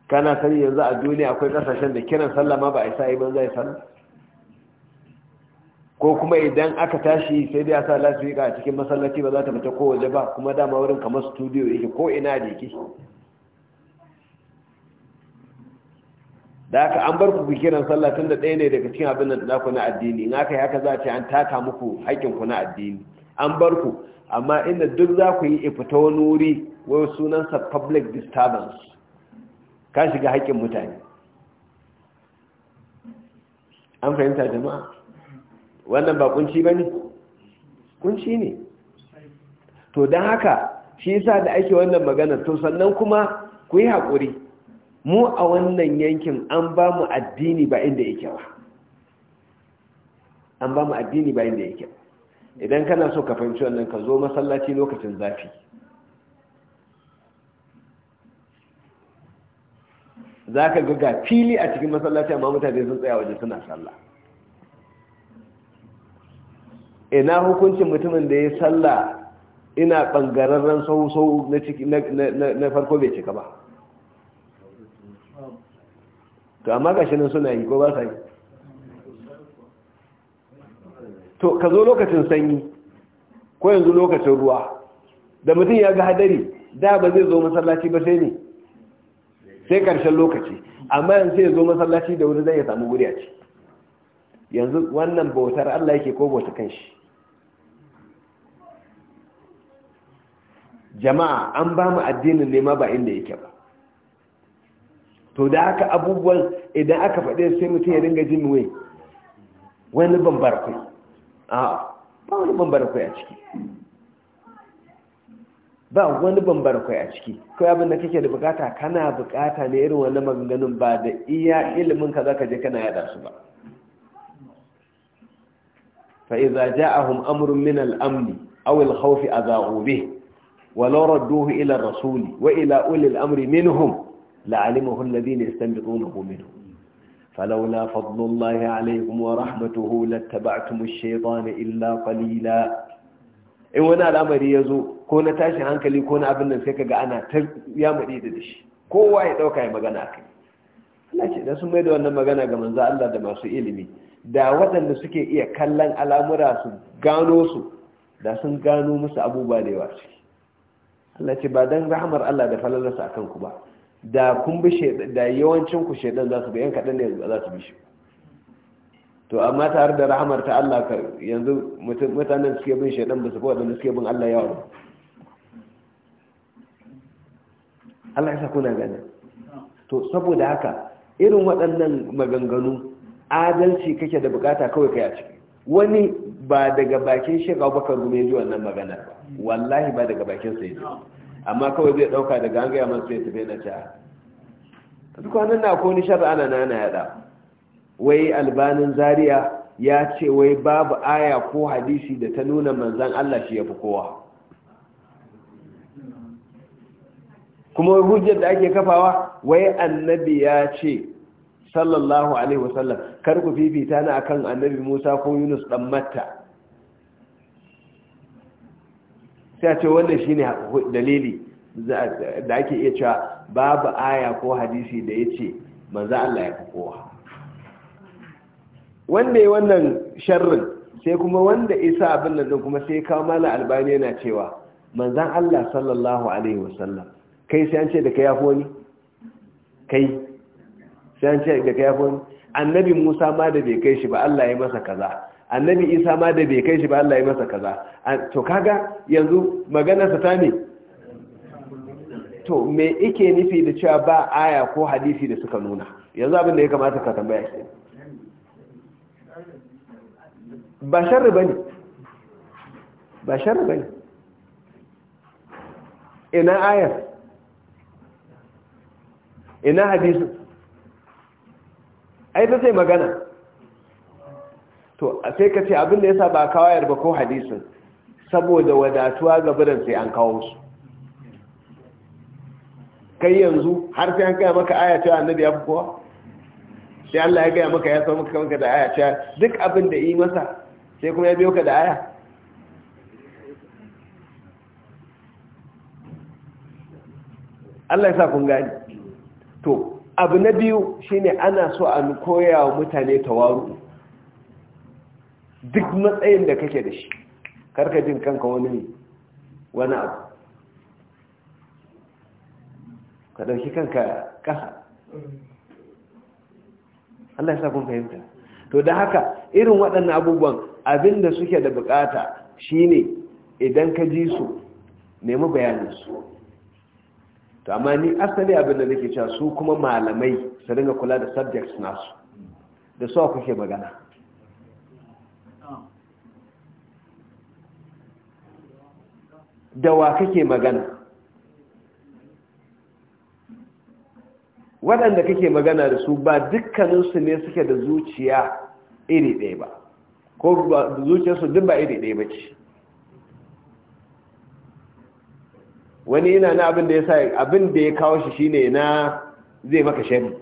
[SPEAKER 1] kana sani yanzu a duniya akwai kasashen da kiran sallah ma ba a isa iban zai sallah ko kuma idan aka tashi sai dai a sa lafiya a cikin masallaci ba za ta fita ko waje ba kuma dama wurin kamar studio yake ko ina da yake da aka an bar ku kiran sallah tun da ɗaya ne daga cikin abin da ku na addini in aka yi haka za a ce an taka muku haƙƙin ku na addini an bar ku amma inda duk za ku yi ifita wani wuri wai sunansa public disturbance ka shiga haƙƙin mutane an fahimta jama'a wannan ba kunci ba ne kunci ne to don haka shi yasa da ake wannan magana to sannan kuma ku yi haƙuri mu a wannan yankin an ba mu addini ba inda yake ba an ba mu addini ba inda yake idan kana so ka fahimci wannan ka zo masallaci lokacin zafi za ka ga fili a cikin masallaci amma mutane sun tsaya waje suna sallah ina hukuncin mutumin da ya sallah ina ɓangararren sau-sau na farko bai cika ba to amma gashi nan suna yi ko ba sa yi to ka zo lokacin sanyi ko yanzu lokacin ruwa da mutum ya ga hadari da ba zai zo masallaci ba sai ne sai karshen lokaci amma yanzu sai ya zo masallaci da wuri zai ya samu guri a ci yanzu wannan bautar Allah yake ko bauta kanshi jama'a an ba mu addinin nema ba inda yake ba to da haka abubuwan idan aka faɗe sai mutum ya dinga jin wai wani bambara kai a ba wani bambara kai a ciki ba wani bambara kai a ciki kai abin da kake da bukata kana bukata ne irin wannan maganganun ba da iya ilimin ka zaka je kana yada su ba fa idza ja'ahum amrun min al-amn aw al-khawf adha'u bih wa law radduhu ila ar-rasuli wa ila ulil amri minhum لعلمه الذين يستنبطونه منه فلولا فضل الله عليكم ورحمته لاتبعتم الشيطان إلا قليلا in wani al'amari ya zo ko na tashin hankali ko na abin nan sai kaga ana ta ya mari da dashi kowa ya dauka ya magana akai Allah ce da sun mai da wannan magana ga manza Allah da masu ilimi da waɗanda suke iya kallon al'amura su gano su da sun gano musu abubuwa da yawa Allah ce ba dan rahmar Allah da falalarsa akan ku ba da kun bi da yawancin ku shedan za su bi yan kaɗan ne za su bi shi to amma tare da rahamar ta Allah ka yanzu mutanen suke bin shedan ba su fi wadanda suke bin Allah yawa Allah ya sa kuna gani to saboda haka irin waɗannan maganganu adalci kake da bukata kawai kai a ciki wani ba daga bakin shekau bakar gume ji wannan magana ba wallahi ba daga bakin sai ji amma kawai zai ɗauka daga an gaya masu sai bai na ca duk wannan na ko ni shar'a na nana da wai albanin zaria ya ce wai babu aya ko hadisi da ta nuna manzan allah shi ya fi kowa kuma hujjar da ake kafawa wai annabi ya ce sallallahu alaihi wasallam kar ku fifita na akan annabi musa ko yunus dan matta sai a ce wannan shine dalili da ake iya cewa babu aya ko hadisi da ya ce manzo Allah ya fi kowa wanda ya wannan sharrin sai kuma wanda isa abin nan kuma sai kawo mala albani yana cewa manzan Allah sallallahu alaihi wasallam kai sai an ce da ka yafo ni kai sai an ce da ka yafo ni annabi Musa ma da bai kai shi ba Allah ya masa kaza annabi isa ma da bai kai shi ba Allah ya masa kaza to kaga yanzu magana sa ta ne to me ike nufi da cewa ba aya ko hadisi da suka nuna yanzu abin da ya kamata ka tambaya shi ba sharri bane ba sharri bane ina ayar ina hadisi ai ta sai magana to sai ka ce abin da sa ba kawo yarba ko hadisin saboda wadatuwa ga biran sai an kawo su kai yanzu har sai an gaya maka aya cewa annabi ya fi kowa sai Allah ya gaya maka ya san maka maka da aya cewa duk abin da yi masa sai kuma ya biyo ka da aya Allah ya sa kun gani to abu na biyu shine ana so an koya wa mutane tawaru duk matsayin da kake da shi karka jin kanka wani wani abu ka ɗauki kanka ƙasa Allah ya sa kun fahimta to da haka irin waɗannan abubuwan abin da suke da bukata shine idan ka ji su nemi bayaninsu to amma ni asali abin da nake cewa su kuma malamai su dinga kula da subjects nasu da su kuke magana da wa kake magana waɗanda kake magana da su ba dukkaninsu ne suke da zuciya iri ɗaya ba ko zuciyarsu duk ba iri ɗaya ba ce wani yana na abin da ya sa abin da ya kawo shi shine na zai maka shari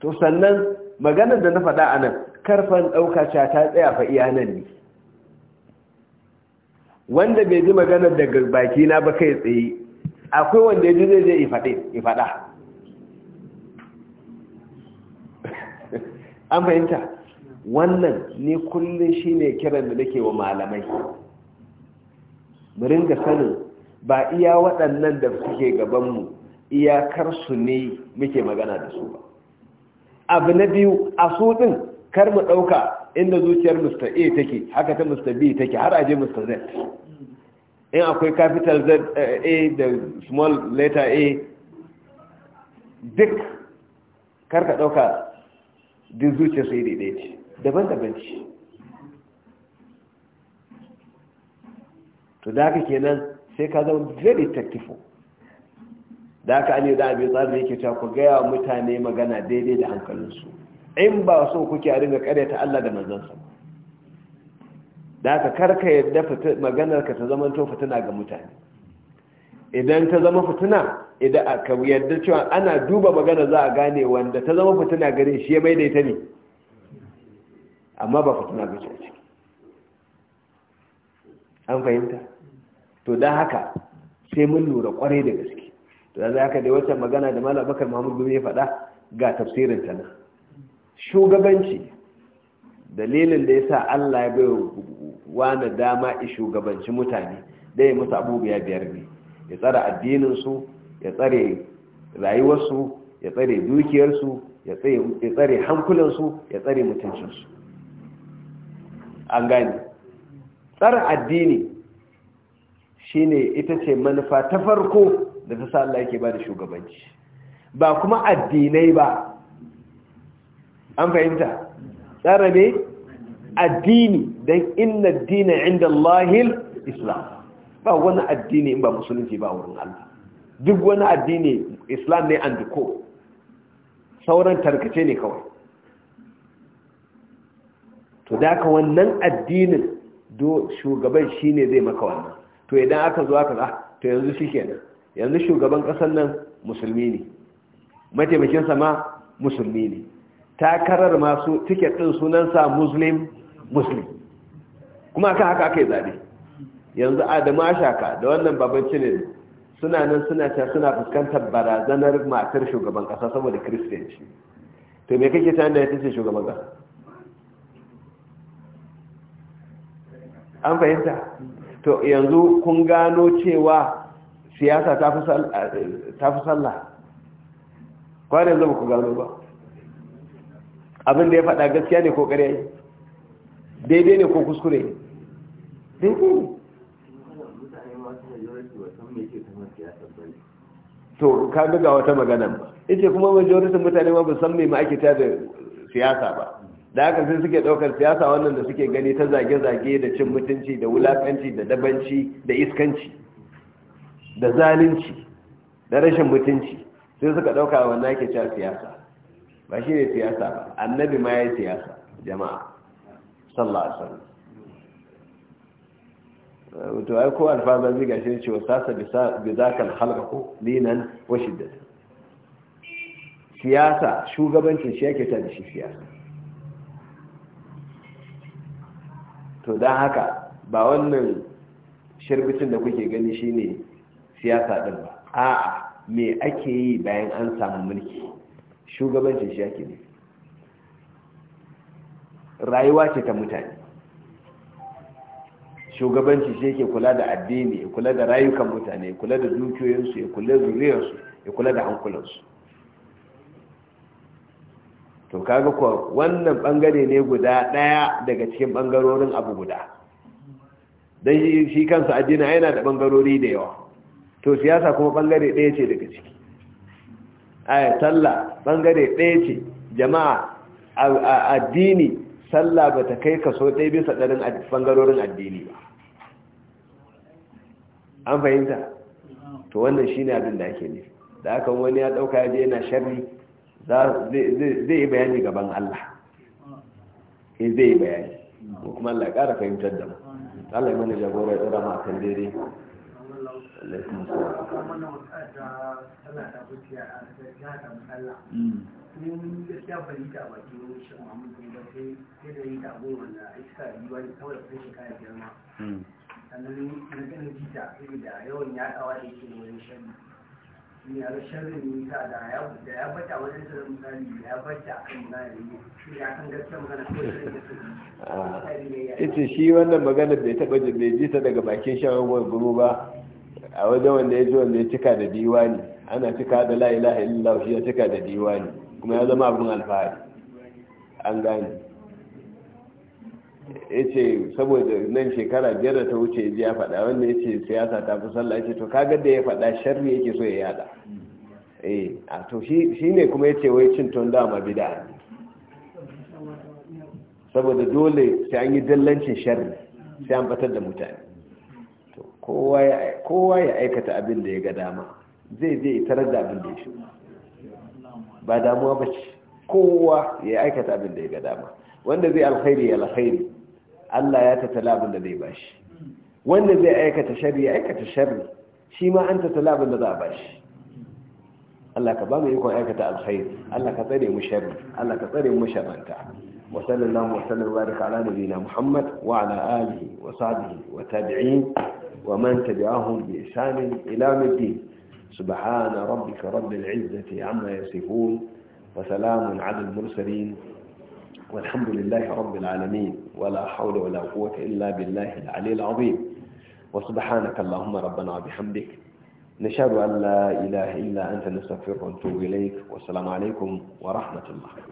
[SPEAKER 1] to sannan maganar da na faɗa a nan karfan ɗauka ta tsaya fa iya nan ne wanda bai ji maganar daga baki na ba kai tsaye akwai wanda ya ji zai je ifaɗa <laughs> an fahimta wannan ne kullum shi ne kiran da nake wa malamai Mu ga sanin ba iya waɗannan da suke gabanmu iyakarsu ne muke magana da su ba abu na biyu a su ɗin kar mu ɗauka inda zuciyar mr a take haka ta mr b take har aje mr z in akwai capital z eh, a da small letter a duk kar ka ɗauka duk zuciyar su yi daidai ce daban-daban ce to da haka kenan sai ka zama very tactful da aka ne da abin tsarin yake ta ku gaya mutane magana daidai da hankalinsu in ba so kuke a ringa ta Allah da manzansa da aka karka yadda maganar ka ta zama to fitina ga mutane idan ta zama fitina idan aka yadda cewa ana duba magana za a gane wanda ta zama fitina gare shi ya maidaita ne amma ba fitina ga ce an fahimta to da haka sai mun lura kwarai da gaske da yanzu haka da wacce magana da malam bakar mahmud gumi ya faɗa ga tafsirin ta nan shugabanci dalilin da ya sa allah ya bai na dama i shugabanci mutane da ya musu abubuwa biyar ne ya tsara addininsu ya tsare rayuwarsu ya tsare dukiyarsu ya tsare hankulansu ya tsare mutuncinsu an gani tsara addini shine ita ce manufa ta farko da ta sa Allah yake ba da shugabanci ba kuma addinai ba an fahimta tsara ne addini don inna addini inda Allahil islam ba wani addini in ba musulunci ba wurin Allah duk wani addini islam ne and ko sauran tarkace ne kawai to daga wannan addinin do shugaban shine zai maka wannan to idan aka zo aka ah, to yanzu shi kenan yanzu shugaban ƙasar nan musulmi ne mataimakinsa ma musulmi ne takarar masu tiket ɗin sunansa muslim muslim kuma kan haka aka yi zaɓe yanzu adamu ashaka da wannan baban cinin suna nan suna ta suna fuskantar barazanar matar shugaban ƙasa saboda kiristanci to me kake ta da ya tace shugaban kasa an fahimta to yanzu kun gano cewa siyasa ta fi sallah kwanan zama ku gano ba abin da ya faɗa gaskiya ne ko kare daidai ne ko kuskure ne daidai ne to ka daga wata magana ba ita kuma majoritin mutane ma ba san mai ma ake tada siyasa ba da haka sai suke ɗaukar siyasa wannan da suke gani ta zage-zage da cin mutunci da wulakanci da dabanci da iskanci da zalunci da rashin mutunci sai suka ɗauka wanda ake cewa siyasa ba shi ne siyasa ba annabi ma ya siyasa jama'a sallallahu alaihi wasallam to ai ko alfaza zai gashi ne cewa sasa bi zakal halka ko linan wa shiddat siyasa shugabancin shi yake ta da shi siyasa to dan haka ba wannan shirbicin da kuke gani shine siyasa ɗin ba a'a me ake yi bayan an samu mulki shugabancin shi ake ne rayuwa ce ta mutane shugabanci shi yake kula da addini ya kula da rayukan mutane ya kula da dukiyoyinsu ya kula da zuriyarsu ya kula da hankulansu to kaga kuwa wannan bangare ne guda daya daga cikin bangarorin abu guda don shi kansa addini yana da bangarori da yawa to siyasa kuma bangare ɗaya ce daga ciki aya talla bangare ɗaya ce jama'a addini salla ba ta kai kaso ɗaya bisa ɗarin bangarorin addini ba an fahimta to wannan shi ne abin da ake ne da aka wani ya ɗauka ya je yana sharri zai yi bayani gaban Allah in eh, zai yi bayani ko kuma Allah ya ƙara fahimtar da mu Allah ya mana jagora ya tsara ma kan daidai kawo mana wata ta tana da zuciya a ta da matsala yin mm. gaskiya bai yi da bakin shan mamun bai da sai sai da yi da abu wanda iska yi wani kawai sun shi kayan girma mm. sannan na ganin sai da yawan yaɗawa da yake da wani shan ne a sharrin nisa da ya bata wajen da misali da ya bata a kan magana da yi ya kan gaskiya magana ko da ah. ita shi wannan magana bai taɓa bai ji ta daga bakin shawarwar gumu ba a wajen wanda ya ji wanda ya cika da diwani ana cika da la ilaha illallah shi ya cika da diwani kuma ya zama abin alfahari an gane ya saboda nan shekara biyar da ta wuce ya faɗa wanda ya ce siyasa ta fi sallah ce to kaga da ya faɗa sharri yake so ya yada eh a to shi ne kuma ya ce wai cin ton dama bida saboda dole sai an yi dallancin sharri sai an batar da mutane kowa ya aikata abin da ya ga dama zai zai tarar da abin da ya shirya ba damuwa ba ce kowa ya aikata abin da ya ga dama wanda zai alkhairi ya alkhairi Allah ya tattala abin da zai bashi wanda zai aikata shari ya aikata shari shi ma an tattala abin da za a bashi Allah ka ba mu ikon aikata alkhairi Allah ka tsare mu shari. Allah ka tsare mu shabanta. wa sallallahu wa sallam baraka ala nabiyina Muhammad wa ala alihi wa sahbihi ومن تبعهم بإحسان إلى الدين سبحان ربك رب العزة عما يصفون وسلام على المرسلين والحمد لله رب العالمين ولا حول ولا قوة إلا بالله العلي العظيم وسبحانك اللهم ربنا بحمدك نشهد أن لا إله إلا أنت نستغفرك ونتوب إليك والسلام عليكم ورحمة الله